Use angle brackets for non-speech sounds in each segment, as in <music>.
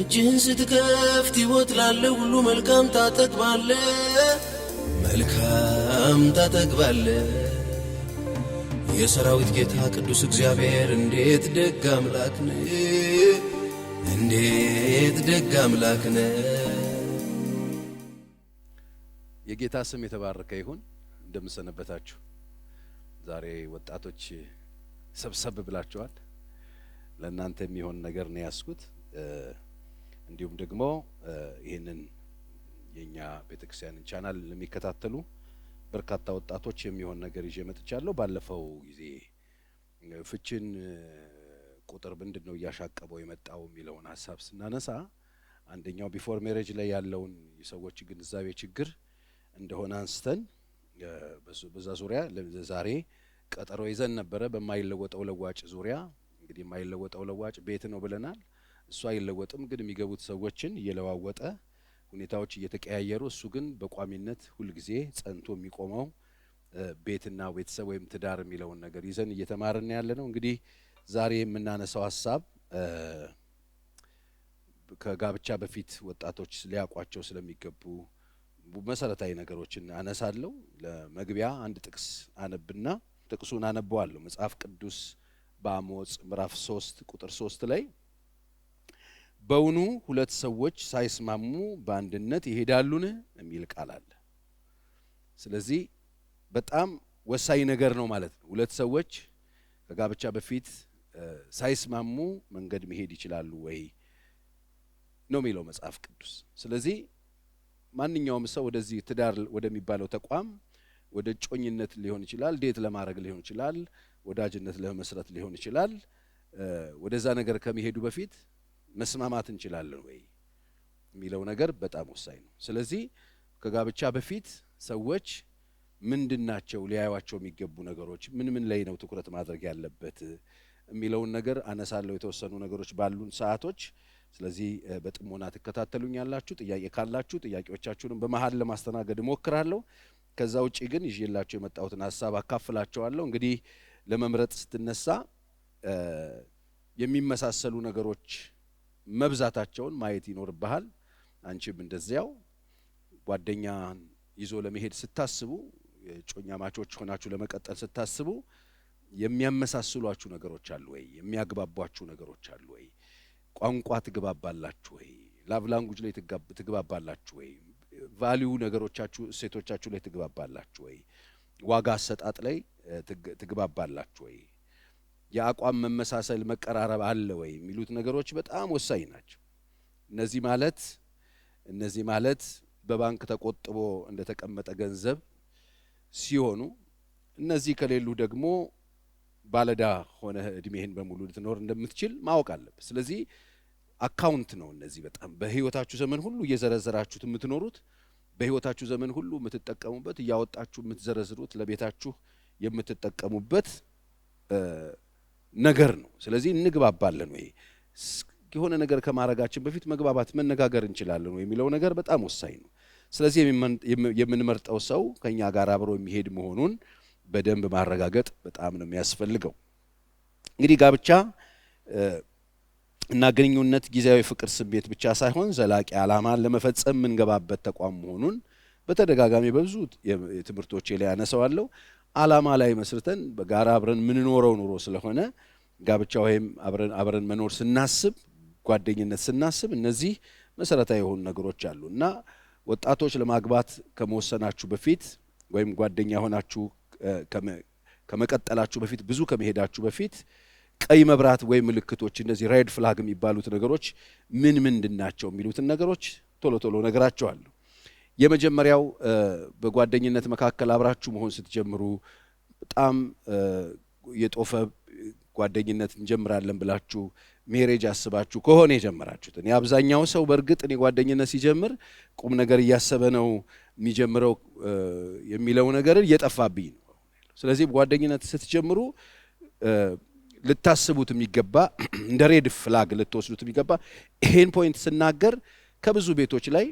እጅህን ስትከፍት ይወት ላለ ሁሉ መልካም ታጠግባለ፣ መልካም ታጠግባለ። የሰራዊት ጌታ ቅዱስ እግዚአብሔር እንዴት ደግ አምላክ ነ እንዴት ደግ አምላክ ነ የጌታ ስም የተባረከ ይሁን። እንደምሰነበታችሁ ዛሬ ወጣቶች ሰብሰብ ብላችኋል። ለእናንተ የሚሆን ነገር ነው ያስኩት። እንዲሁም ደግሞ ይህንን የእኛ ቤተክርስቲያንን ቻናል ለሚከታተሉ በርካታ ወጣቶች የሚሆን ነገር ይዤ መጥቻለሁ። ባለፈው ጊዜ ፍችን ቁጥር ምንድን ነው እያሻቀበው የመጣው የሚለውን ሀሳብ ስናነሳ አንደኛው ቢፎር ሜሬጅ ላይ ያለውን የሰዎች ግንዛቤ ችግር እንደሆነ አንስተን በዛ ዙሪያ ዛሬ ቀጠሮ ይዘን ነበረ። በማይለወጠው ለዋጭ ዙሪያ እንግዲህ የማይለወጠው ለዋጭ ቤት ነው ብለናል። እሱ አይለወጥም፣ ግን የሚገቡት ሰዎችን እየለዋወጠ ሁኔታዎች እየተቀያየሩ እሱ ግን በቋሚነት ሁልጊዜ ጸንቶ የሚቆመው ቤትና ቤተሰብ ወይም ትዳር የሚለውን ነገር ይዘን እየተማርን ያለ ነው። እንግዲህ ዛሬ የምናነሳው ሀሳብ ከጋብቻ በፊት ወጣቶች ሊያውቋቸው ስለሚገቡ መሰረታዊ ነገሮችን አነሳለሁ። ለመግቢያ አንድ ጥቅስ አነብና ጥቅሱን አነበዋለሁ። መጽሐፍ ቅዱስ በአሞጽ ምዕራፍ ሶስት ቁጥር ሶስት ላይ በውኑ ሁለት ሰዎች ሳይስማሙ በአንድነት ይሄዳሉን የሚል ቃል አለ። ስለዚህ በጣም ወሳኝ ነገር ነው ማለት ነው። ሁለት ሰዎች ከጋብቻ በፊት ሳይስማሙ መንገድ መሄድ ይችላሉ ወይ ነው የሚለው መጽሐፍ ቅዱስ። ስለዚህ ማንኛውም ሰው ወደዚህ ትዳር ወደሚባለው ተቋም ወደ እጮኝነት ሊሆን ይችላል፣ ዴት ለማድረግ ሊሆን ይችላል፣ ወዳጅነት ለመመስረት ሊሆን ይችላል። ወደዛ ነገር ከመሄዱ በፊት መስማማት እንችላለን ወይ የሚለው ነገር በጣም ወሳኝ ነው። ስለዚህ ከጋብቻ በፊት ሰዎች ምንድን ናቸው ሊያዩቸው የሚገቡ ነገሮች፣ ምን ምን ላይ ነው ትኩረት ማድረግ ያለበት የሚለውን ነገር አነሳለሁ የተወሰኑ ነገሮች ባሉን ሰዓቶች። ስለዚህ በጥሞና ትከታተሉኝ ያላችሁ ጥያቄ ካላችሁ ጥያቄዎቻችሁንም በመሀል ለማስተናገድ እሞክራለሁ። ከዛ ውጭ ግን ይዤላቸው የመጣሁትን ሀሳብ አካፍላቸዋለሁ። እንግዲህ ለመምረጥ ስትነሳ የሚመሳሰሉ ነገሮች መብዛታቸውን ማየት ይኖርብሃል። አንቺም እንደዚያው ጓደኛ ይዞ ለመሄድ ስታስቡ፣ የጮኛ ማቾች ሆናችሁ ለመቀጠል ስታስቡ የሚያመሳስሏችሁ ነገሮች አሉ ወይ? የሚያግባቧችሁ ነገሮች አሉ ወይ? ቋንቋ ትግባባላችሁ ወይ? ላቭ ላንጉጅ ላይ ትግባባላችሁ ወይ? ቫሊዩ ነገሮቻችሁ እሴቶቻችሁ ላይ ትግባባላችሁ ወይ? ዋጋ አሰጣጥ ላይ ትግባባላችሁ ወይ? የአቋም መመሳሰል፣ መቀራረብ አለ ወይ የሚሉት ነገሮች በጣም ወሳኝ ናቸው። እነዚህ ማለት እነዚህ ማለት በባንክ ተቆጥቦ እንደተቀመጠ ገንዘብ ሲሆኑ እነዚህ ከሌሉ ደግሞ ባለዳ ሆነ እድሜህን በሙሉ ልትኖር እንደምትችል ማወቅ አለብህ። ስለዚህ አካውንት ነው። እነዚህ በጣም በህይወታችሁ ዘመን ሁሉ እየዘረዘራችሁት የምትኖሩት በህይወታችሁ ዘመን ሁሉ የምትጠቀሙበት እያወጣችሁ የምትዘረዝሩት ለቤታችሁ የምትጠቀሙበት ነገር ነው። ስለዚህ እንግባባለን ወይ የሆነ ነገር ከማድረጋችን በፊት መግባባት መነጋገር እንችላለን ወይ የሚለው ነገር በጣም ወሳኝ ነው። ስለዚህ የምንመርጠው ሰው ከኛ ጋር አብሮ የሚሄድ መሆኑን በደንብ ማረጋገጥ በጣም ነው የሚያስፈልገው። እንግዲህ ጋብቻ እና ግንኙነት ጊዜያዊ ፍቅር ስሜት ብቻ ሳይሆን ዘላቂ ዓላማን ለመፈጸም የምንገባበት ተቋም መሆኑን በተደጋጋሚ በብዙ ትምህርቶቼ ላይ ያነሳዋለሁ። አላማ ላይ መስርተን በጋራ አብረን ምንኖረው ኑሮ ስለሆነ ጋብቻ ወይም አብረን አብረን መኖር ስናስብ ጓደኝነት ስናስብ እነዚህ መሰረታዊ የሆኑ ነገሮች አሉ እና ወጣቶች ለማግባት ከመወሰናችሁ በፊት ወይም ጓደኛ ሆናችሁ ከመቀጠላችሁ በፊት ብዙ ከመሄዳችሁ በፊት ቀይ መብራት ወይም ምልክቶች እነዚህ ሬድ ፍላግ የሚባሉት ነገሮች ምን ምንድን ናቸው የሚሉትን ነገሮች ቶሎ ቶሎ ነግራቸዋለሁ። የመጀመሪያው በጓደኝነት መካከል አብራችሁ መሆን ስትጀምሩ በጣም የጦፈ ጓደኝነት እንጀምራለን ብላችሁ ሜሬጅ አስባችሁ ከሆነ የጀመራችሁት። እኔ አብዛኛው ሰው በእርግጥ እኔ ጓደኝነት ሲጀምር ቁም ነገር እያሰበ ነው የሚጀምረው የሚለው ነገር እየጠፋብኝ ነው። ስለዚህ ጓደኝነት ስትጀምሩ ልታስቡት የሚገባ <clears throat> እንደ ሬድ ፍላግ ልትወስዱት የሚገባ ይሄን ፖይንት ስናገር ከብዙ ቤቶች ላይ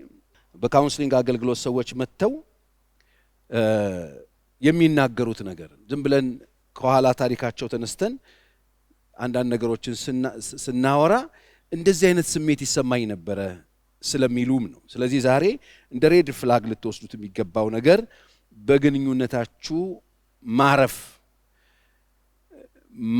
በካውንስሊንግ አገልግሎት ሰዎች መጥተው የሚናገሩት ነገር ዝም ብለን ከኋላ ታሪካቸው ተነስተን አንዳንድ ነገሮችን ስናወራ እንደዚህ አይነት ስሜት ይሰማኝ ነበረ ስለሚሉም ነው። ስለዚህ ዛሬ እንደ ሬድ ፍላግ ልትወስዱት የሚገባው ነገር በግንኙነታችሁ ማረፍ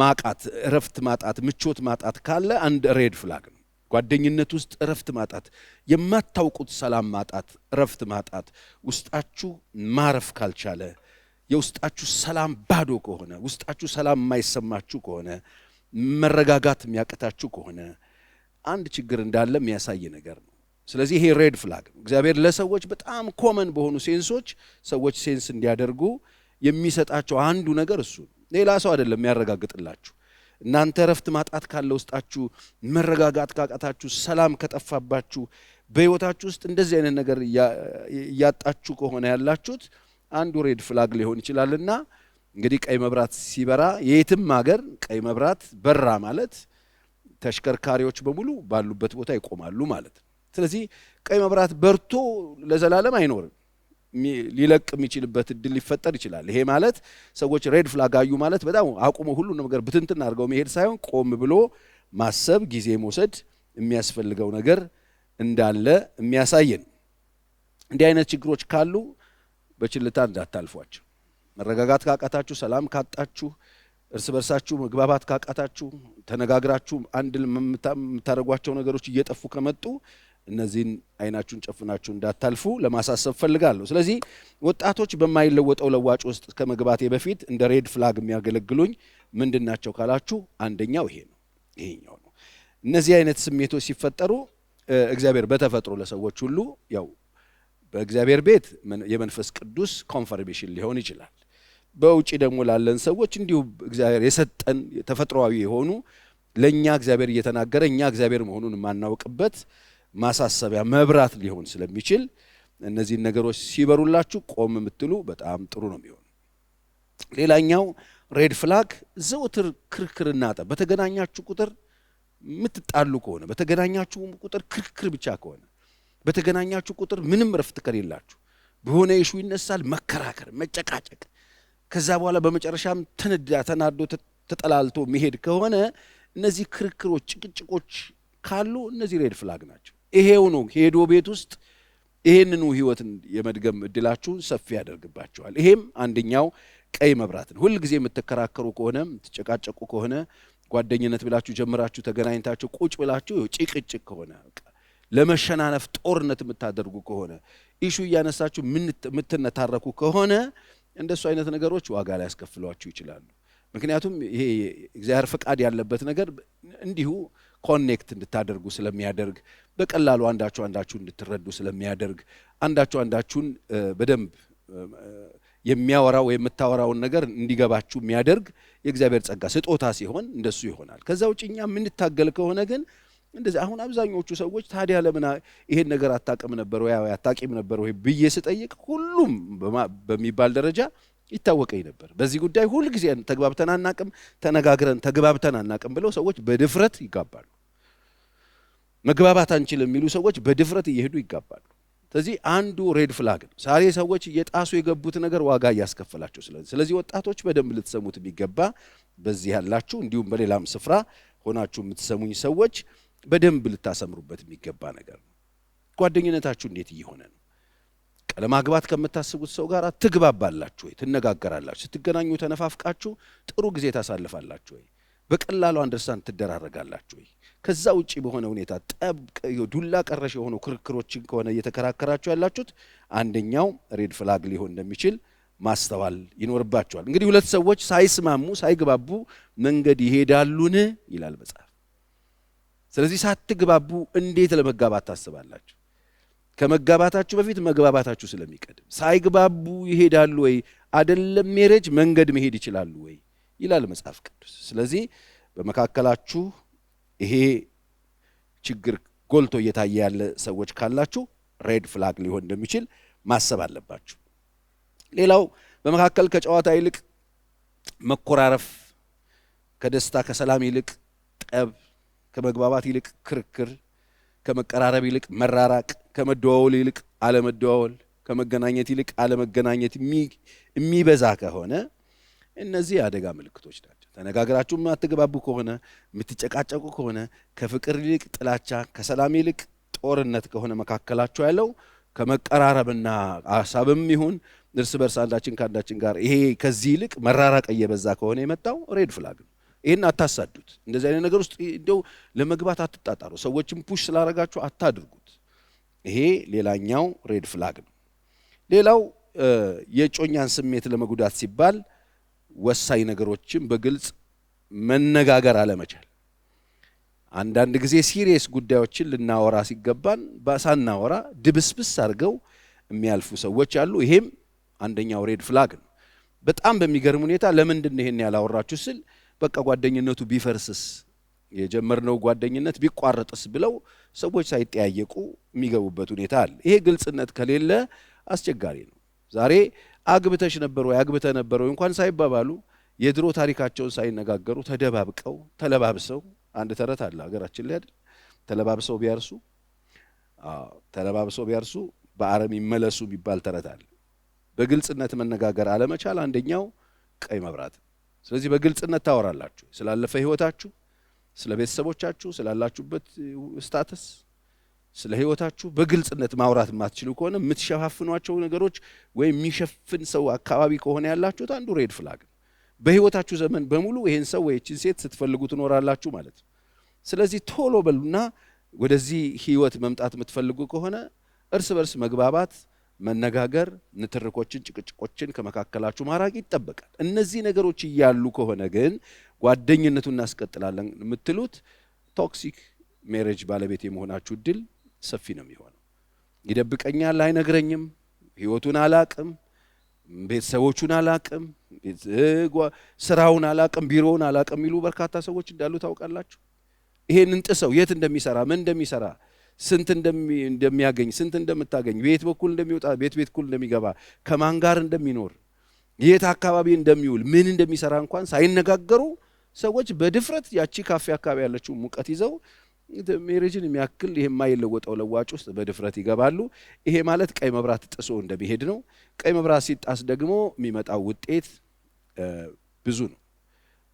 ማቃት፣ እረፍት ማጣት፣ ምቾት ማጣት ካለ አንድ ሬድ ፍላግ ነው። ጓደኝነት ውስጥ እረፍት ማጣት፣ የማታውቁት ሰላም ማጣት፣ እረፍት ማጣት፣ ውስጣችሁ ማረፍ ካልቻለ፣ የውስጣችሁ ሰላም ባዶ ከሆነ፣ ውስጣችሁ ሰላም የማይሰማችሁ ከሆነ፣ መረጋጋት የሚያቅታችሁ ከሆነ አንድ ችግር እንዳለ የሚያሳይ ነገር ነው። ስለዚህ ይሄ ሬድ ፍላግ ነው። እግዚአብሔር ለሰዎች በጣም ኮመን በሆኑ ሴንሶች ሰዎች ሴንስ እንዲያደርጉ የሚሰጣቸው አንዱ ነገር እሱ ነው። ሌላ ሰው አይደለም የሚያረጋግጥላችሁ እናንተ እረፍት ማጣት ካለ ውስጣችሁ፣ መረጋጋት ካቃታችሁ፣ ሰላም ከጠፋባችሁ፣ በህይወታችሁ ውስጥ እንደዚህ አይነት ነገር እያጣችሁ ከሆነ ያላችሁት አንዱ ሬድ ፍላግ ሊሆን ይችላልና እንግዲህ ቀይ መብራት ሲበራ የየትም ሀገር ቀይ መብራት በራ ማለት ተሽከርካሪዎች በሙሉ ባሉበት ቦታ ይቆማሉ ማለት ነው። ስለዚህ ቀይ መብራት በርቶ ለዘላለም አይኖርም። ሊለቅ የሚችልበት እድል ሊፈጠር ይችላል። ይሄ ማለት ሰዎች ሬድ ፍላግ አዩ ማለት በጣም አቁሞ ሁሉ ነገር ብትንትን አድርገው መሄድ ሳይሆን ቆም ብሎ ማሰብ፣ ጊዜ መውሰድ የሚያስፈልገው ነገር እንዳለ የሚያሳየን። እንዲህ አይነት ችግሮች ካሉ በችልታ እንዳታልፏቸው። መረጋጋት ካቃታችሁ፣ ሰላም ካጣችሁ፣ እርስ በርሳችሁ መግባባት ካቃታችሁ፣ ተነጋግራችሁ አንድ የምታደርጓቸው ነገሮች እየጠፉ ከመጡ እነዚህን አይናችሁን ጨፍናችሁ እንዳታልፉ ለማሳሰብ ፈልጋለሁ። ስለዚህ ወጣቶች በማይለወጠው ለዋጭ ውስጥ ከመግባቴ በፊት እንደ ሬድ ፍላግ የሚያገለግሉኝ ምንድን ናቸው ካላችሁ አንደኛው ይሄ ነው፣ ይሄኛው ነው። እነዚህ አይነት ስሜቶች ሲፈጠሩ እግዚአብሔር በተፈጥሮ ለሰዎች ሁሉ ያው በእግዚአብሔር ቤት የመንፈስ ቅዱስ ኮንፈርሜሽን ሊሆን ይችላል። በውጭ ደግሞ ላለን ሰዎች እንዲሁ እግዚአብሔር የሰጠን ተፈጥሯዊ የሆኑ ለእኛ እግዚአብሔር እየተናገረ እኛ እግዚአብሔር መሆኑን የማናውቅበት ማሳሰቢያ መብራት ሊሆን ስለሚችል እነዚህን ነገሮች ሲበሩላችሁ ቆም የምትሉ በጣም ጥሩ ነው የሚሆን። ሌላኛው ሬድ ፍላግ ዘውትር ክርክርና ጠብ። በተገናኛችሁ ቁጥር የምትጣሉ ከሆነ በተገናኛችሁ ቁጥር ክርክር ብቻ ከሆነ በተገናኛችሁ ቁጥር ምንም እረፍት ከሌላችሁ በሆነ ይሹ ይነሳል፣ መከራከር፣ መጨቃጨቅ ከዛ በኋላ በመጨረሻም ተነዳ ተናዶ ተጠላልቶ መሄድ ከሆነ እነዚህ ክርክሮች፣ ጭቅጭቆች ካሉ እነዚህ ሬድ ፍላግ ናቸው። ይሄው ነው። ሄዶ ቤት ውስጥ ይሄንኑ ህይወትን የመድገም እድላችሁን ሰፊ ያደርግባችኋል። ይሄም አንደኛው ቀይ መብራት ነው። ሁልጊዜ የምትከራከሩ ከሆነ የምትጨቃጨቁ ከሆነ ጓደኝነት ብላችሁ ጀምራችሁ ተገናኝታችሁ ቁጭ ብላችሁ ጭቅጭቅ ከሆነ ለመሸናነፍ ጦርነት የምታደርጉ ከሆነ ኢሹ እያነሳችሁ የምትነታረኩ ከሆነ እንደሱ አይነት ነገሮች ዋጋ ላይ ያስከፍሏችሁ ይችላሉ። ምክንያቱም ይሄ እግዚአብሔር ፈቃድ ያለበት ነገር እንዲሁ ኮኔክት እንድታደርጉ ስለሚያደርግ በቀላሉ አንዳችሁ አንዳችሁን እንድትረዱ ስለሚያደርግ አንዳችሁ አንዳችሁን በደንብ የሚያወራው የምታወራውን ነገር እንዲገባችሁ የሚያደርግ የእግዚአብሔር ጸጋ ስጦታ ሲሆን እንደሱ ይሆናል። ከዛ ውጭ እኛ የምንታገል ከሆነ ግን እንደዚህ አሁን አብዛኞቹ ሰዎች ታዲያ ለምን ይሄን ነገር አታቅም ነበር ወይ አታቂም ነበር ወይ ብዬ ስጠይቅ ሁሉም በሚባል ደረጃ ይታወቀኝ ነበር። በዚህ ጉዳይ ሁልጊዜ ተግባብተን አናቅም፣ ተነጋግረን ተግባብተን አናቅም ብለው ሰዎች በድፍረት ይጋባሉ። መግባባት አንችል የሚሉ ሰዎች በድፍረት እየሄዱ ይጋባሉ። ስለዚህ አንዱ ሬድ ፍላግ ነው። ዛሬ ሰዎች እየጣሱ የገቡት ነገር ዋጋ እያስከፈላቸው ስለዚህ ስለዚህ ወጣቶች በደንብ ልትሰሙት ቢገባ በዚህ ያላችሁ እንዲሁም በሌላም ስፍራ ሆናችሁ የምትሰሙኝ ሰዎች በደንብ ልታሰምሩበት የሚገባ ነገር ነው። ጓደኝነታችሁ እንዴት እየሆነ ነው? ለማግባት ከምታስቡት ሰው ጋር ትግባባላችሁ ወይ? ትነጋገራላችሁ? ስትገናኙ ተነፋፍቃችሁ ጥሩ ጊዜ ታሳልፋላችሁ ወይ? በቀላሉ አንደርስታንድ ትደራረጋላችሁ ወይ? ከዛ ውጭ በሆነ ሁኔታ ጠብቅ ዱላ ቀረሽ የሆኑ ክርክሮችን ከሆነ እየተከራከራችሁ ያላችሁት አንደኛው ሬድ ፍላግ ሊሆን እንደሚችል ማስተዋል ይኖርባቸዋል። እንግዲህ ሁለት ሰዎች ሳይስማሙ ሳይግባቡ መንገድ ይሄዳሉን ይላል መጽሐፍ። ስለዚህ ሳትግባቡ እንዴት ለመጋባት ታስባላችሁ? ከመጋባታችሁ በፊት መግባባታችሁ ስለሚቀድም ሳይግባቡ ይሄዳሉ ወይ? አደለም ሜሬጅ መንገድ መሄድ ይችላሉ ወይ? ይላል መጽሐፍ ቅዱስ። ስለዚህ በመካከላችሁ ይሄ ችግር ጎልቶ እየታየ ያለ ሰዎች ካላችሁ ሬድ ፍላግ ሊሆን እንደሚችል ማሰብ አለባችሁ። ሌላው በመካከል ከጨዋታ ይልቅ መኮራረፍ፣ ከደስታ ከሰላም ይልቅ ጠብ፣ ከመግባባት ይልቅ ክርክር፣ ከመቀራረብ ይልቅ መራራቅ፣ ከመደዋወል ይልቅ አለመደዋወል፣ ከመገናኘት ይልቅ አለመገናኘት የሚበዛ ከሆነ እነዚህ የአደጋ ምልክቶች ናቸው። ተነጋግራችሁ የማትግባቡ ከሆነ የምትጨቃጨቁ ከሆነ ከፍቅር ይልቅ ጥላቻ፣ ከሰላም ይልቅ ጦርነት ከሆነ መካከላችሁ ያለው ከመቀራረብና ሀሳብም ይሁን እርስ በርስ አንዳችን ከአንዳችን ጋር ይሄ ከዚህ ይልቅ መራራቅ እየበዛ ከሆነ የመጣው ሬድ ፍላግ ነው። ይህን አታሳዱት። እንደዚህ አይነት ነገር ውስጥ እንደው ለመግባት አትጣጣሩ። ሰዎችን ፑሽ ስላደረጋችሁ አታድርጉት። ይሄ ሌላኛው ሬድ ፍላግ ነው። ሌላው የእጮኛን ስሜት ለመጉዳት ሲባል ወሳኝ ነገሮችን በግልጽ መነጋገር አለመቻል፣ አንዳንድ ጊዜ ሲሪየስ ጉዳዮችን ልናወራ ሲገባን ሳናወራ ድብስብስ አድርገው የሚያልፉ ሰዎች አሉ። ይሄም አንደኛው ሬድ ፍላግ ነው። በጣም በሚገርም ሁኔታ ለምንድን ነው ይሄን ያላወራችሁ ስል በቃ ጓደኝነቱ ቢፈርስስ የጀመርነው ጓደኝነት ቢቋረጥስ ብለው ሰዎች ሳይጠያየቁ የሚገቡበት ሁኔታ አለ። ይሄ ግልጽነት ከሌለ አስቸጋሪ ነው። ዛሬ አግብተሽ ነበር ወይ አግብተ ነበር ወይ እንኳን ሳይባባሉ የድሮ ታሪካቸውን ሳይነጋገሩ ተደባብቀው ተለባብሰው፣ አንድ ተረት አለ ሀገራችን ላይ አይደል? ተለባብሰው ቢያርሱ ተለባብሰው ቢያርሱ በአረም ይመለሱ የሚባል ተረት አለ። በግልጽነት መነጋገር አለመቻል አንደኛው ቀይ መብራት። ስለዚህ በግልጽነት ታወራላችሁ ስላለፈ ህይወታችሁ ስለ ቤተሰቦቻችሁ፣ ስላላችሁበት ስታተስ ስለ ህይወታችሁ በግልጽነት ማውራት የማትችሉ ከሆነ የምትሸፋፍኗቸው ነገሮች ወይም የሚሸፍን ሰው አካባቢ ከሆነ ያላችሁት አንዱ ሬድ ፍላግ ነው። በህይወታችሁ ዘመን በሙሉ ይህን ሰው ወይ ይህችን ሴት ስትፈልጉ ትኖራላችሁ ማለት ነው። ስለዚህ ቶሎ በሉና ወደዚህ ህይወት መምጣት የምትፈልጉ ከሆነ እርስ በርስ መግባባት፣ መነጋገር፣ ንትርኮችን፣ ጭቅጭቆችን ከመካከላችሁ ማራቅ ይጠበቃል። እነዚህ ነገሮች እያሉ ከሆነ ግን ጓደኝነቱን እናስቀጥላለን የምትሉት ቶክሲክ ሜሬጅ ባለቤት የመሆናችሁ እድል ሰፊ ነው የሚሆነው። ይደብቀኛል፣ አይነግረኝም፣ ህይወቱን አላቅም፣ ቤተሰቦቹን አላቅም፣ ስራውን አላቅም፣ ቢሮውን አላቅም የሚሉ በርካታ ሰዎች እንዳሉ ታውቃላችሁ። ይሄንን ጥሰው የት እንደሚሰራ ምን እንደሚሰራ ስንት እንደሚያገኝ ስንት እንደምታገኝ ቤት በኩል እንደሚወጣ ቤት ቤት በኩል እንደሚገባ ከማን ጋር እንደሚኖር የት አካባቢ እንደሚውል ምን እንደሚሰራ እንኳን ሳይነጋገሩ ሰዎች በድፍረት ያቺ ካፌ አካባቢ ያለችው ሙቀት ይዘው ሜሬጅን የሚያክል ይሄ የማይለወጠው ለዋጭ ውስጥ በድፍረት ይገባሉ። ይሄ ማለት ቀይ መብራት ጥሶ እንደሚሄድ ነው። ቀይ መብራት ሲጣስ ደግሞ የሚመጣው ውጤት ብዙ ነው።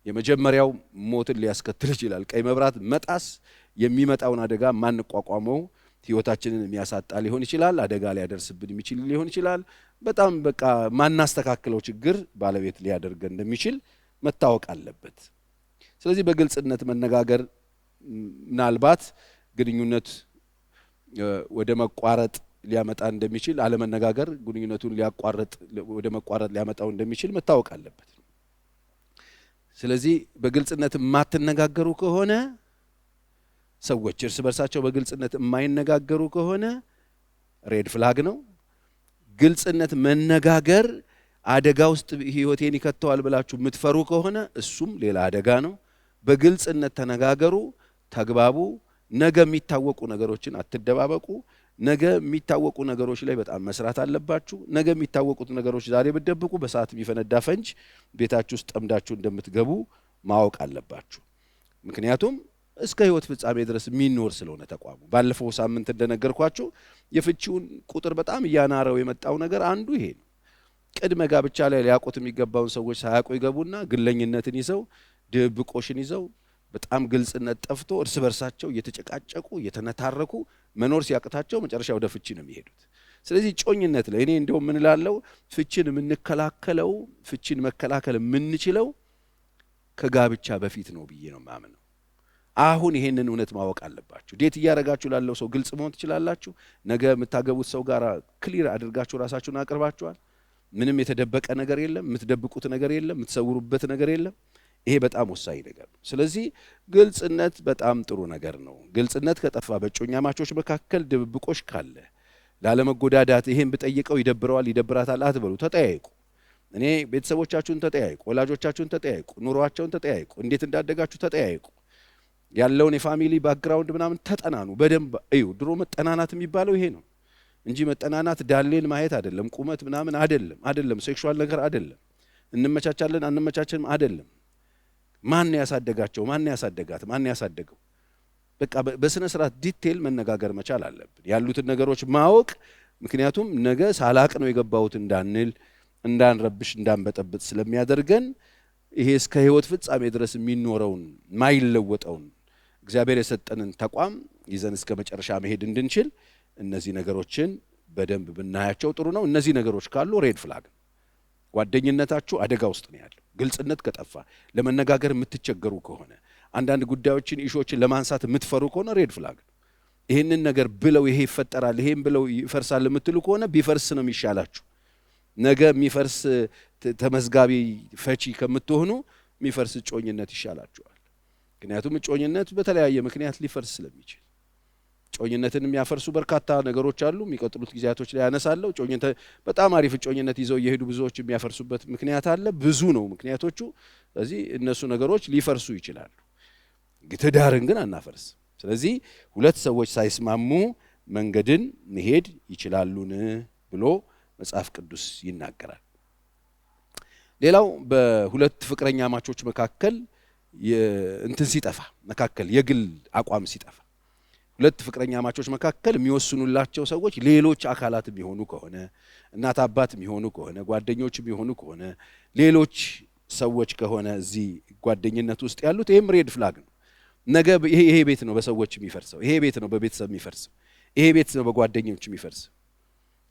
የመጀመሪያው ሞትን ሊያስከትል ይችላል። ቀይ መብራት መጣስ የሚመጣውን አደጋ ማንቋቋመው ህይወታችንን የሚያሳጣ ሊሆን ይችላል። አደጋ ሊያደርስብን የሚችል ሊሆን ይችላል። በጣም በቃ ማናስተካክለው ችግር ባለቤት ሊያደርገን እንደሚችል መታወቅ አለበት። ስለዚህ በግልጽነት መነጋገር ምናልባት ግንኙነት ወደ መቋረጥ ሊያመጣ እንደሚችል አለመነጋገር ግንኙነቱን ሊያቋርጥ ወደ መቋረጥ ሊያመጣው እንደሚችል መታወቅ አለበት። ስለዚህ በግልጽነት የማትነጋገሩ ከሆነ ሰዎች እርስ በርሳቸው በግልጽነት የማይነጋገሩ ከሆነ ሬድ ፍላግ ነው። ግልጽነት መነጋገር አደጋ ውስጥ ህይወቴን ይከተዋል ብላችሁ የምትፈሩ ከሆነ እሱም ሌላ አደጋ ነው። በግልጽነት ተነጋገሩ። ተግባቡ። ነገ የሚታወቁ ነገሮችን አትደባበቁ። ነገ የሚታወቁ ነገሮች ላይ በጣም መስራት አለባችሁ። ነገ የሚታወቁት ነገሮች ዛሬ ብደብቁ በሰዓት የሚፈነዳ ፈንጅ ቤታችሁ ውስጥ ጠምዳችሁ እንደምትገቡ ማወቅ አለባችሁ። ምክንያቱም እስከ ህይወት ፍጻሜ ድረስ የሚኖር ስለሆነ ተቋሙ። ባለፈው ሳምንት እንደነገርኳችሁ የፍቺውን ቁጥር በጣም እያናረው የመጣው ነገር አንዱ ይሄ ነው። ቅድመ ጋብቻ ላይ ሊያውቁት የሚገባውን ሰዎች ሳያውቁ ይገቡና ግለኝነትን ይዘው ድብቆሽን ይዘው በጣም ግልጽነት ጠፍቶ እርስ በርሳቸው እየተጨቃጨቁ እየተነታረኩ መኖር ሲያቅታቸው መጨረሻ ወደ ፍቺ ነው የሚሄዱት። ስለዚህ ጮኝነት ላይ እኔ እንደው ምን ላለው ፍቺን የምንከላከለው ፍቺን መከላከል የምንችለው ከጋብቻ በፊት ነው ብዬ ነው የማምነው። አሁን ይሄንን እውነት ማወቅ አለባችሁ። ዴት እያደረጋችሁ ላለው ሰው ግልጽ መሆን ትችላላችሁ። ነገ የምታገቡት ሰው ጋር ክሊር አድርጋችሁ ራሳችሁን አቅርባችኋል። ምንም የተደበቀ ነገር የለም፣ የምትደብቁት ነገር የለም፣ የምትሰውሩበት ነገር የለም። ይሄ በጣም ወሳኝ ነገር ነው። ስለዚህ ግልጽነት በጣም ጥሩ ነገር ነው። ግልጽነት ከጠፋ በእጮኛ ማቾች መካከል ድብብቆሽ ካለ ላለመጎዳዳት ይሄን ብጠይቀው ይደብረዋል ይደብራታል አትበሉ። ተጠያይቁ። እኔ ቤተሰቦቻችሁን ተጠያይቁ፣ ወላጆቻችሁን ተጠያይቁ፣ ኑሯቸውን ተጠያይቁ፣ እንዴት እንዳደጋችሁ ተጠያይቁ፣ ያለውን የፋሚሊ ባክግራውንድ ምናምን ተጠናኑ በደንብ እዩ። ድሮ መጠናናት የሚባለው ይሄ ነው እንጂ መጠናናት ዳሌን ማየት አይደለም፣ ቁመት ምናምን አይደለም፣ አይደለም ሴክሹዋል ነገር አይደለም፣ እንመቻቻለን አንመቻችንም አይደለም። ማን ያሳደጋቸው? ማን ያሳደጋት? ማን ያሳደገው? በቃ በስነ ስርዓት ዲቴል መነጋገር መቻል አለብን፣ ያሉትን ነገሮች ማወቅ። ምክንያቱም ነገ ሳላቅ ነው የገባሁት እንዳንል፣ እንዳንረብሽ፣ እንዳንበጠብጥ ስለሚያደርገን ይሄ እስከ ህይወት ፍጻሜ ድረስ የሚኖረውን ማይለወጠውን እግዚአብሔር የሰጠንን ተቋም ይዘን እስከ መጨረሻ መሄድ እንድንችል እነዚህ ነገሮችን በደንብ ብናያቸው ጥሩ ነው። እነዚህ ነገሮች ካሉ ሬድ ፍላግ ጓደኝነታችሁ አደጋ ውስጥ ነው ያለው። ግልጽነት ከጠፋ፣ ለመነጋገር የምትቸገሩ ከሆነ አንዳንድ ጉዳዮችን ኢሾችን ለማንሳት የምትፈሩ ከሆነ ሬድ ፍላግ ይህንን ነገር ብለው ይሄ ይፈጠራል ይሄን ብለው ይፈርሳል የምትሉ ከሆነ ቢፈርስ ነው የሚሻላችሁ። ነገ የሚፈርስ ተመዝጋቢ ፈቺ ከምትሆኑ የሚፈርስ እጮኝነት ይሻላችኋል። ምክንያቱም እጮኝነት በተለያየ ምክንያት ሊፈርስ ስለሚችል ጮኝነትን የሚያፈርሱ በርካታ ነገሮች አሉ። የሚቀጥሉት ጊዜያቶች ላይ ያነሳለሁ። ጮኝነት በጣም አሪፍ ጮኝነት ይዘው እየሄዱ ብዙዎች የሚያፈርሱበት ምክንያት አለ። ብዙ ነው ምክንያቶቹ። ስለዚህ እነሱ ነገሮች ሊፈርሱ ይችላሉ። ትዳርን ግን አናፈርስ። ስለዚህ ሁለት ሰዎች ሳይስማሙ መንገድን መሄድ ይችላሉን ብሎ መጽሐፍ ቅዱስ ይናገራል። ሌላው በሁለት ፍቅረኛ ማቾች መካከል እንትን ሲጠፋ መካከል የግል አቋም ሲጠፋ ሁለት ፍቅረኛ ማቾች መካከል የሚወስኑላቸው ሰዎች ሌሎች አካላት የሚሆኑ ከሆነ እናት አባት የሚሆኑ ከሆነ ጓደኞች የሚሆኑ ከሆነ ሌሎች ሰዎች ከሆነ እዚህ ጓደኝነት ውስጥ ያሉት ይህም ሬድ ፍላግ ነው። ነገ ይሄ ቤት ነው በሰዎች የሚፈርሰው፣ ይሄ ቤት ነው በቤተሰብ የሚፈርሰው፣ ይሄ ቤት ነው በጓደኞች የሚፈርሰው።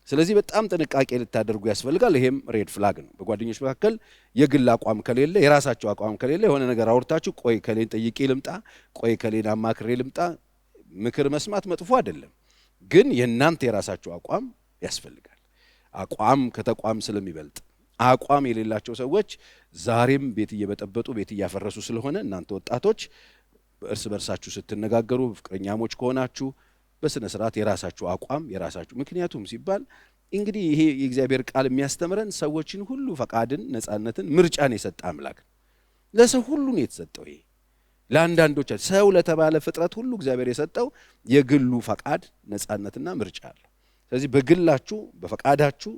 ስለዚህ በጣም ጥንቃቄ ልታደርጉ ያስፈልጋል። ይሄም ሬድ ፍላግ ነው። በጓደኞች መካከል የግል አቋም ከሌለ፣ የራሳቸው አቋም ከሌለ፣ የሆነ ነገር አውርታችሁ ቆይ ከሌን ጠይቄ ልምጣ፣ ቆይ ከሌን አማክሬ ልምጣ ምክር መስማት መጥፎ አይደለም፣ ግን የእናንተ የራሳችሁ አቋም ያስፈልጋል። አቋም ከተቋም ስለሚበልጥ አቋም የሌላቸው ሰዎች ዛሬም ቤት እየበጠበጡ ቤት እያፈረሱ ስለሆነ እናንተ ወጣቶች እርስ በርሳችሁ ስትነጋገሩ ፍቅረኛሞች ከሆናችሁ በስነ ስርዓት የራሳችሁ አቋም የራሳችሁ ምክንያቱም ሲባል እንግዲህ ይሄ የእግዚአብሔር ቃል የሚያስተምረን ሰዎችን ሁሉ ፈቃድን፣ ነጻነትን፣ ምርጫን የሰጠ አምላክ ለሰው ሁሉ ነው የተሰጠው። ይሄ ለአንዳንዶች ሰው ለተባለ ፍጥረት ሁሉ እግዚአብሔር የሰጠው የግሉ ፈቃድ ነፃነትና ምርጫ አለ። ስለዚህ በግላችሁ በፈቃዳችሁ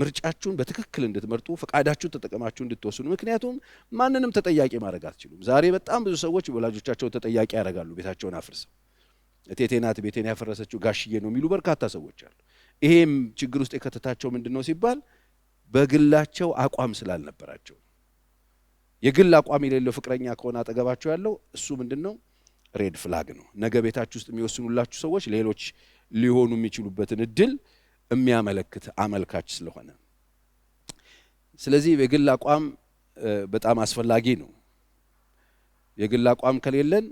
ምርጫችሁን በትክክል እንድትመርጡ ፈቃዳችሁን ተጠቀማችሁ እንድትወስኑ። ምክንያቱም ማንንም ተጠያቂ ማድረግ አትችሉም። ዛሬ በጣም ብዙ ሰዎች ወላጆቻቸውን ተጠያቂ ያደርጋሉ። ቤታቸውን አፍርሰው እቴቴ ናት ቤቴን ያፈረሰችው ጋሽዬ ነው የሚሉ በርካታ ሰዎች አሉ። ይሄም ችግር ውስጥ የከተታቸው ምንድን ነው ሲባል በግላቸው አቋም ስላልነበራቸው የግል አቋም የሌለው ፍቅረኛ ከሆነ አጠገባችሁ ያለው እሱ ምንድን ነው? ሬድ ፍላግ ነው። ነገ ቤታችሁ ውስጥ የሚወስኑላችሁ ሰዎች ሌሎች ሊሆኑ የሚችሉበትን እድል የሚያመለክት አመልካች ስለሆነ፣ ስለዚህ የግል አቋም በጣም አስፈላጊ ነው። የግል አቋም ከሌለን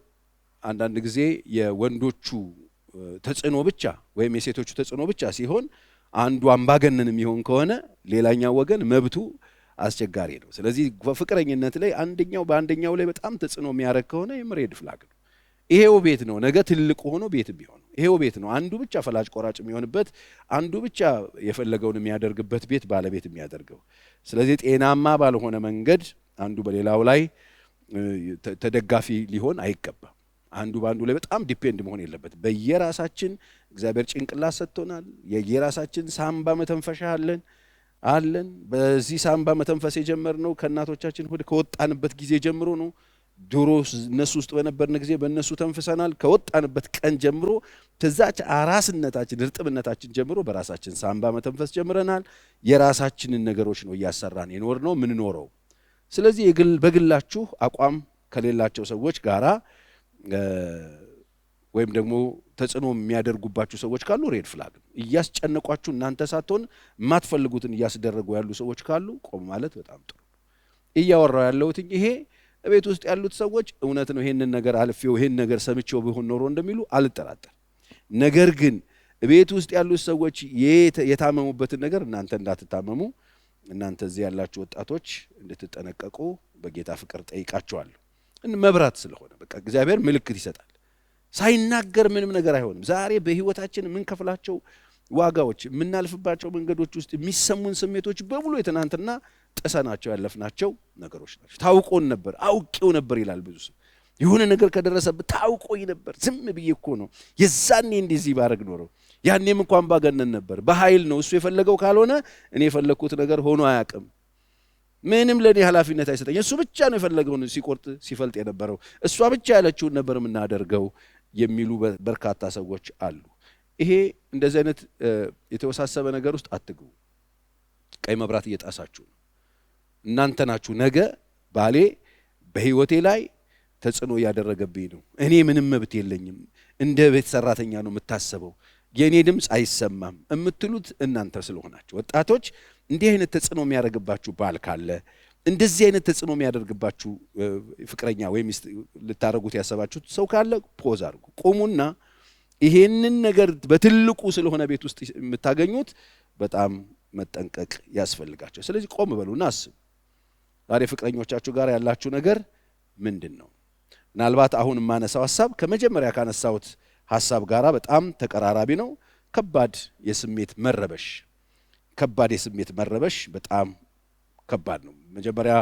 አንዳንድ ጊዜ የወንዶቹ ተጽዕኖ ብቻ ወይም የሴቶቹ ተጽዕኖ ብቻ ሲሆን አንዱ አምባገነን የሚሆን ከሆነ ሌላኛው ወገን መብቱ አስቸጋሪ ነው። ስለዚህ ፍቅረኝነት ላይ አንደኛው በአንደኛው ላይ በጣም ተጽዕኖ የሚያደርግ ከሆነ የምሬድ ፍላግ ነው። ይሄው ቤት ነው ነገ ትልቅ ሆኖ ቤት ቢሆን ይሄው ቤት ነው አንዱ ብቻ ፈላጭ ቆራጭ የሚሆንበት አንዱ ብቻ የፈለገውን የሚያደርግበት ቤት ባለቤት የሚያደርገው። ስለዚህ ጤናማ ባልሆነ መንገድ አንዱ በሌላው ላይ ተደጋፊ ሊሆን አይገባም። አንዱ በአንዱ ላይ በጣም ዲፔንድ መሆን የለበት። በየራሳችን እግዚአብሔር ጭንቅላት ሰጥቶናል። የየራሳችን ሳምባ መተንፈሻ አለን። አለን። በዚህ ሳምባ መተንፈስ የጀመርነው ከእናቶቻችን ሆድ ከወጣንበት ጊዜ ጀምሮ ነው። ድሮ እነሱ ውስጥ በነበርን ጊዜ በእነሱ ተንፍሰናል። ከወጣንበት ቀን ጀምሮ ትዛች አራስነታችን እርጥብነታችን ጀምሮ በራሳችን ሳምባ መተንፈስ ጀምረናል። የራሳችንን ነገሮች ነው እያሰራን የኖር ነው ምንኖረው። ስለዚህ በግላችሁ አቋም ከሌላቸው ሰዎች ጋራ ወይም ደግሞ ተጽዕኖ የሚያደርጉባችሁ ሰዎች ካሉ ሬድ ፍላግ እያስጨነቋችሁ እናንተ ሳትሆን የማትፈልጉትን እያስደረጉ ያሉ ሰዎች ካሉ ቆም ማለት በጣም ጥሩ። እያወራው ያለሁት ይሄ ቤት ውስጥ ያሉት ሰዎች እውነት ነው፣ ይሄንን ነገር አልፌው ይሄን ነገር ሰምቼው ቢሆን ኖሮ እንደሚሉ አልጠራጠር። ነገር ግን ቤት ውስጥ ያሉት ሰዎች የታመሙበትን ነገር እናንተ እንዳትታመሙ እናንተ እዚህ ያላችሁ ወጣቶች እንድትጠነቀቁ በጌታ ፍቅር ጠይቃችኋለሁ። መብራት ስለሆነ በቃ እግዚአብሔር ምልክት ይሰጣል። ሳይናገር ምንም ነገር አይሆንም። ዛሬ በህይወታችን የምንከፍላቸው ዋጋዎች፣ የምናልፍባቸው መንገዶች ውስጥ የሚሰሙን ስሜቶች በሙሉ የትናንትና ጥሰናቸው ያለፍናቸው ነገሮች ናቸው። ታውቆን ነበር፣ አውቄው ነበር ይላል ብዙ ሰው። የሆነ ነገር ከደረሰብህ ታውቆኝ ነበር፣ ዝም ብዬ እኮ ነው የዛኔ እንደዚህ ባረግ ኖረው ያኔም እንኳን ባገነን ነበር። በኃይል ነው እሱ የፈለገው፣ ካልሆነ እኔ የፈለግኩት ነገር ሆኖ አያውቅም። ምንም ለእኔ ኃላፊነት አይሰጠኝ። እሱ ብቻ ነው የፈለገውን ሲቆርጥ ሲፈልጥ የነበረው። እሷ ብቻ ያለችውን ነበር የምናደርገው። የሚሉ በርካታ ሰዎች አሉ። ይሄ እንደዚህ አይነት የተወሳሰበ ነገር ውስጥ አትግቡ። ቀይ መብራት እየጣሳችሁ ነው። እናንተ ናችሁ ነገ ባሌ በህይወቴ ላይ ተጽዕኖ እያደረገብኝ ነው፣ እኔ ምንም መብት የለኝም፣ እንደ ቤት ሰራተኛ ነው የምታሰበው፣ የእኔ ድምፅ አይሰማም የምትሉት እናንተ ስለሆናችሁ። ወጣቶች እንዲህ አይነት ተጽዕኖ የሚያደርግባችሁ ባል ካለ እንደዚህ አይነት ተጽዕኖ የሚያደርግባችሁ ፍቅረኛ ወይም ልታደረጉት ያሰባችሁት ሰው ካለ ፖዝ አድርጉ፣ ቁሙና ይሄንን ነገር በትልቁ ስለሆነ ቤት ውስጥ የምታገኙት በጣም መጠንቀቅ ያስፈልጋቸው። ስለዚህ ቆም በሉና አስቡ። ዛሬ ፍቅረኞቻችሁ ጋር ያላችሁ ነገር ምንድን ነው? ምናልባት አሁን የማነሳው ሀሳብ ከመጀመሪያ ካነሳሁት ሀሳብ ጋር በጣም ተቀራራቢ ነው። ከባድ የስሜት መረበሽ ከባድ የስሜት መረበሽ በጣም ከባድ ነው። መጀመሪያ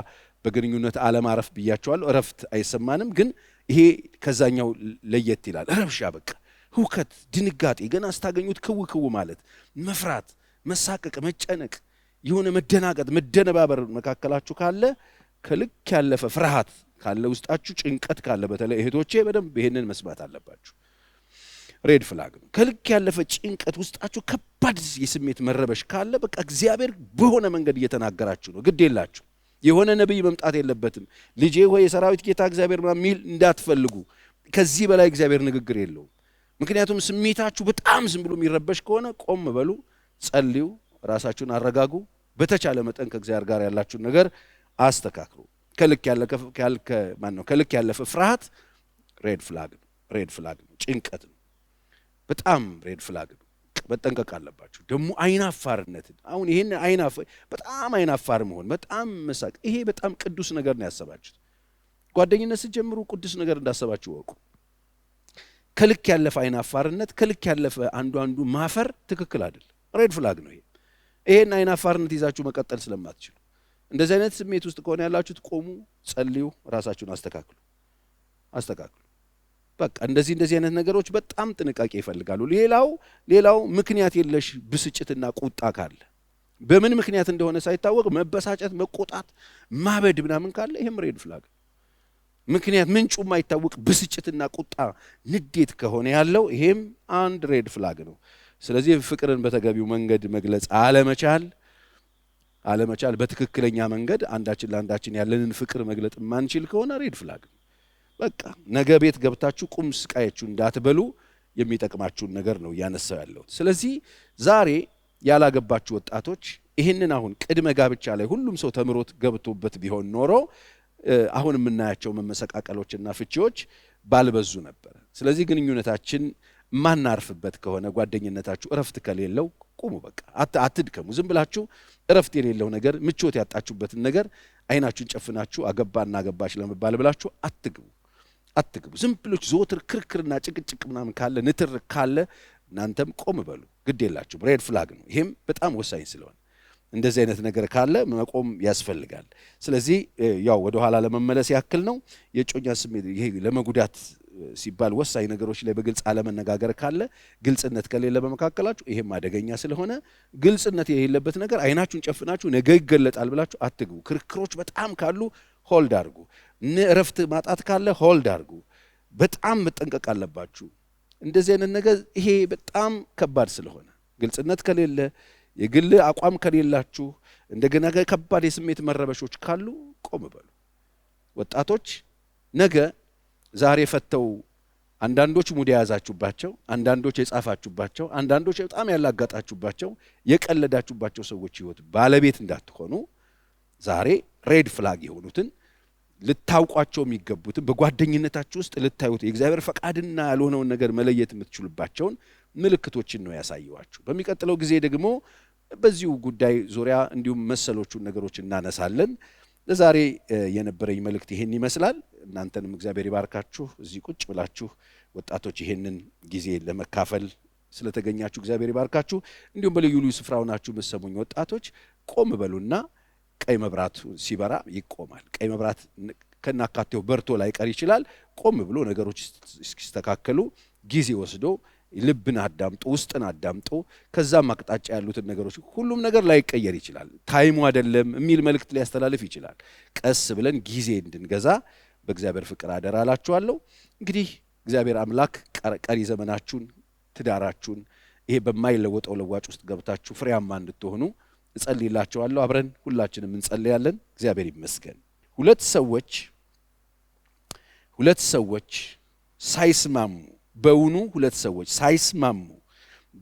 በግንኙነት አለማረፍ ብያቸዋለሁ። እረፍት አይሰማንም፣ ግን ይሄ ከዛኛው ለየት ይላል። ረብሻ፣ በቃ ሁከት፣ ድንጋጤ፣ ገና ስታገኙት ክው ክው ማለት፣ መፍራት፣ መሳቀቅ፣ መጨነቅ፣ የሆነ መደናቀጥ፣ መደነባበር መካከላችሁ ካለ ከልክ ያለፈ ፍርሃት ካለ ውስጣችሁ፣ ጭንቀት ካለ በተለይ እህቶቼ በደንብ ይሄንን መስማት አለባችሁ። ሬድ ፍላግ ነው። ከልክ ያለፈ ጭንቀት ውስጣችሁ ከባድ የስሜት መረበሽ ካለ በቃ እግዚአብሔር በሆነ መንገድ እየተናገራችሁ ነው። ግድ የላችሁ የሆነ ነቢይ መምጣት የለበትም። ልጄ ሆይ የሰራዊት ጌታ እግዚአብሔር ሚል እንዳትፈልጉ። ከዚህ በላይ እግዚአብሔር ንግግር የለውም። ምክንያቱም ስሜታችሁ በጣም ዝም ብሎ የሚረበሽ ከሆነ ቆም በሉ፣ ጸልዩ፣ ራሳችሁን አረጋጉ። በተቻለ መጠን ከእግዚአብሔር ጋር ያላችሁን ነገር አስተካክሉ። ከልክ ያለፈ ፍርሃት ሬድ ፍላግ ነው፣ ሬድ ፍላግ ነው፣ ጭንቀት ነው፣ በጣም ሬድ ፍላግ ነው። መጠንቀቅ አለባችሁ። ደግሞ አይናፋርነትን አሁን ይህን አይናፋ በጣም አይናፋር መሆን በጣም መሳቅ፣ ይሄ በጣም ቅዱስ ነገር ነው ያሰባችሁት። ጓደኝነት ስትጀምሩ ቅዱስ ነገር እንዳሰባችሁ ወቁ። ከልክ ያለፈ አይናፋርነት፣ ከልክ ያለፈ አንዱ አንዱ ማፈር ትክክል አይደለም። ሬድ ፍላግ ነው ይሄ። ይሄን አይናፋርነት ይዛችሁ መቀጠል ስለማትችሉ እንደዚህ አይነት ስሜት ውስጥ ከሆነ ያላችሁት ቆሙ፣ ጸልዩ፣ ራሳችሁን አስተካክሉ አስተካክሉ። በቃ እንደዚህ እንደዚህ አይነት ነገሮች በጣም ጥንቃቄ ይፈልጋሉ። ሌላው ሌላው ምክንያት የለሽ ብስጭትና ቁጣ ካለ በምን ምክንያት እንደሆነ ሳይታወቅ መበሳጨት፣ መቆጣት፣ ማበድ ምናምን ካለ ይህም ሬድ ፍላግ ምክንያት ምንጩ የማይታወቅ ብስጭትና ቁጣ ንዴት ከሆነ ያለው ይሄም አንድ ሬድ ፍላግ ነው። ስለዚህ ፍቅርን በተገቢው መንገድ መግለጽ አለመቻል አለመቻል በትክክለኛ መንገድ አንዳችን ለአንዳችን ያለንን ፍቅር መግለጥ የማንችል ከሆነ ሬድ ፍላግ ነው። በቃ ነገ ቤት ገብታችሁ ቁም ስቃያችሁ እንዳትበሉ የሚጠቅማችሁን ነገር ነው እያነሳው ያለሁት ስለዚህ ዛሬ ያላገባችሁ ወጣቶች ይህንን አሁን ቅድመ ጋብቻ ላይ ሁሉም ሰው ተምሮት ገብቶበት ቢሆን ኖሮ አሁን የምናያቸው መመሰቃቀሎችና ፍቺዎች ባልበዙ ነበር። ስለዚህ ግንኙነታችን ማናርፍበት ከሆነ ጓደኝነታችሁ እረፍት ከሌለው ቁሙ፣ በቃ አትድከሙ። ዝም ብላችሁ እረፍት የሌለው ነገር ምቾት ያጣችሁበትን ነገር አይናችሁን ጨፍናችሁ አገባ እና አገባች ለመባል ብላችሁ አትግቡ። አትግቡ። ዝም ብሎች ዘወትር ክርክርና ጭቅጭቅ ምናምን ካለ ንትርክ ካለ እናንተም ቆም በሉ፣ ግድ የላችሁም። ሬድ ፍላግ ነው። ይሄም በጣም ወሳኝ ስለሆነ እንደዚህ አይነት ነገር ካለ መቆም ያስፈልጋል። ስለዚህ ያው ወደ ኋላ ለመመለስ ያክል ነው የጮኛ ስሜት ይሄ ለመጉዳት ሲባል ወሳኝ ነገሮች ላይ በግልጽ አለመነጋገር ካለ ግልጽነት ከሌለ በመካከላችሁ ይሄም አደገኛ ስለሆነ ግልጽነት የሌለበት ነገር አይናችሁን ጨፍናችሁ ነገ ይገለጣል ብላችሁ አትግቡ። ክርክሮች በጣም ካሉ ሆልድ አድርጉ። እረፍት ማጣት ካለ ሆልድ አድርጉ። በጣም መጠንቀቅ አለባችሁ። እንደዚህ አይነት ነገር ይሄ በጣም ከባድ ስለሆነ ግልጽነት ከሌለ የግል አቋም ከሌላችሁ እንደገና ከባድ የስሜት መረበሾች ካሉ ቆም በሉ። ወጣቶች ነገ ዛሬ ፈተው አንዳንዶች ሙድ የያዛችሁባቸው፣ አንዳንዶች የጻፋችሁባቸው፣ አንዳንዶች በጣም ያላጋጣችሁባቸው፣ የቀለዳችሁባቸው ሰዎች ህይወት ባለቤት እንዳትሆኑ ዛሬ ሬድ ፍላግ የሆኑትን ልታውቋቸው የሚገቡትን በጓደኝነታችሁ ውስጥ ልታዩት የእግዚአብሔር ፈቃድና ያልሆነውን ነገር መለየት የምትችሉባቸውን ምልክቶችን ነው ያሳየዋችሁ። በሚቀጥለው ጊዜ ደግሞ በዚሁ ጉዳይ ዙሪያ እንዲሁም መሰሎቹን ነገሮች እናነሳለን። ለዛሬ የነበረኝ መልእክት ይሄን ይመስላል። እናንተንም እግዚአብሔር ይባርካችሁ። እዚህ ቁጭ ብላችሁ ወጣቶች ይሄንን ጊዜ ለመካፈል ስለተገኛችሁ እግዚአብሔር ይባርካችሁ። እንዲሁም በልዩ ልዩ ስፍራ ሆናችሁ የምትሰሙኝ ወጣቶች ቆም በሉና ቀይ መብራት ሲበራ ይቆማል። ቀይ መብራት ከናካቴው በርቶ ላይቀር ይችላል። ቆም ብሎ ነገሮች እስኪስተካከሉ ጊዜ ወስዶ ልብን አዳምጦ ውስጥን አዳምጦ ከዛም አቅጣጫ ያሉትን ነገሮች ሁሉም ነገር ላይቀየር ይችላል። ታይሙ አይደለም የሚል መልእክት ሊያስተላልፍ ይችላል። ቀስ ብለን ጊዜ እንድንገዛ በእግዚአብሔር ፍቅር አደራ አላችኋለሁ። እንግዲህ እግዚአብሔር አምላክ ቀሪ ዘመናችሁን ትዳራችሁን ይሄ በማይለወጠው ለዋጭ ውስጥ ገብታችሁ ፍሬያማ እንድትሆኑ እጸልይላችኋለሁ። አብረን ሁላችንም እንጸልያለን። እግዚአብሔር ይመስገን። ሁለት ሰዎች ሁለት ሰዎች ሳይስማሙ በውኑ ሁለት ሰዎች ሳይስማሙ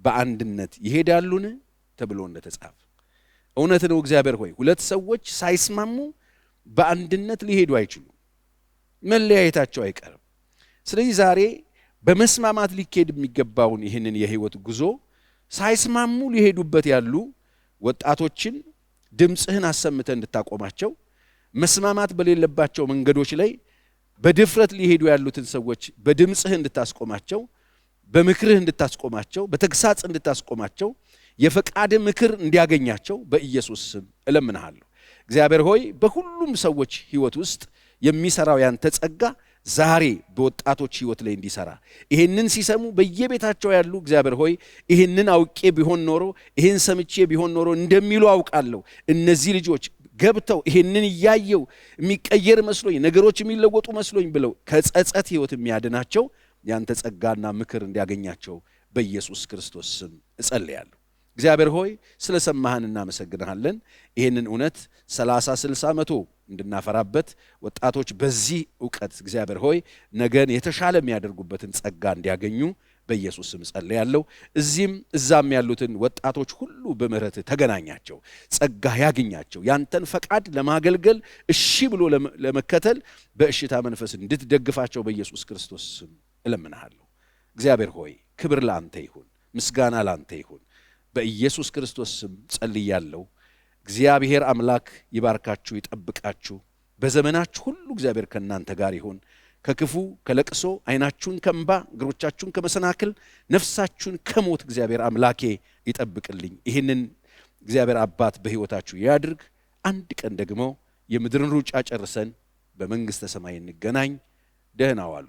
በአንድነት ይሄዳሉን ተብሎ እንደተጻፈ እውነት ነው። እግዚአብሔር ሆይ ሁለት ሰዎች ሳይስማሙ በአንድነት ሊሄዱ አይችሉም። መለያየታቸው አይቀርም። ስለዚህ ዛሬ በመስማማት ሊካሄድ የሚገባውን ይህንን የህይወት ጉዞ ሳይስማሙ ሊሄዱበት ያሉ ወጣቶችን ድምፅህን አሰምተ እንድታቆማቸው መስማማት በሌለባቸው መንገዶች ላይ በድፍረት ሊሄዱ ያሉትን ሰዎች በድምፅህ እንድታስቆማቸው፣ በምክርህ እንድታስቆማቸው፣ በተግሳጽ እንድታስቆማቸው፣ የፈቃድ ምክር እንዲያገኛቸው በኢየሱስ ስም እለምንሃለሁ። እግዚአብሔር ሆይ በሁሉም ሰዎች ሕይወት ውስጥ የሚሰራው ያንተ ጸጋ ዛሬ በወጣቶች ህይወት ላይ እንዲሰራ ይህንን ሲሰሙ በየቤታቸው ያሉ እግዚአብሔር ሆይ ይህንን አውቄ ቢሆን ኖሮ ይህን ሰምቼ ቢሆን ኖሮ እንደሚሉ አውቃለሁ። እነዚህ ልጆች ገብተው ይህንን እያየው የሚቀየር መስሎኝ ነገሮች የሚለወጡ መስሎኝ ብለው ከጸጸት ህይወት የሚያድናቸው ያንተ ጸጋና ምክር እንዲያገኛቸው በኢየሱስ ክርስቶስ ስም እጸልያለሁ። እግዚአብሔር ሆይ ስለ ሰማህን እናመሰግንሃለን። ይህንን እውነት 30 60 መቶ እንድናፈራበት ወጣቶች በዚህ እውቀት እግዚአብሔር ሆይ ነገን የተሻለ የሚያደርጉበትን ጸጋ እንዲያገኙ በኢየሱስ ስም ጸልያለሁ። እዚህም እዛም ያሉትን ወጣቶች ሁሉ በምህረት ተገናኛቸው፣ ጸጋ ያግኛቸው። ያንተን ፈቃድ ለማገልገል እሺ ብሎ ለመከተል በእሽታ መንፈስ እንድትደግፋቸው በኢየሱስ ክርስቶስ ስም እለምንሃለሁ። እግዚአብሔር ሆይ ክብር ለአንተ ይሁን፣ ምስጋና ለአንተ ይሁን። በኢየሱስ ክርስቶስ ስም ጸልያለሁ። እግዚአብሔር አምላክ ይባርካችሁ፣ ይጠብቃችሁ። በዘመናችሁ ሁሉ እግዚአብሔር ከእናንተ ጋር ይሁን። ከክፉ ከለቅሶ ዓይናችሁን ከእንባ እግሮቻችሁን ከመሰናክል ነፍሳችሁን ከሞት እግዚአብሔር አምላኬ ይጠብቅልኝ። ይህንን እግዚአብሔር አባት በሕይወታችሁ ያድርግ። አንድ ቀን ደግሞ የምድርን ሩጫ ጨርሰን በመንግሥተ ሰማይ እንገናኝ። ደህና ዋሉ።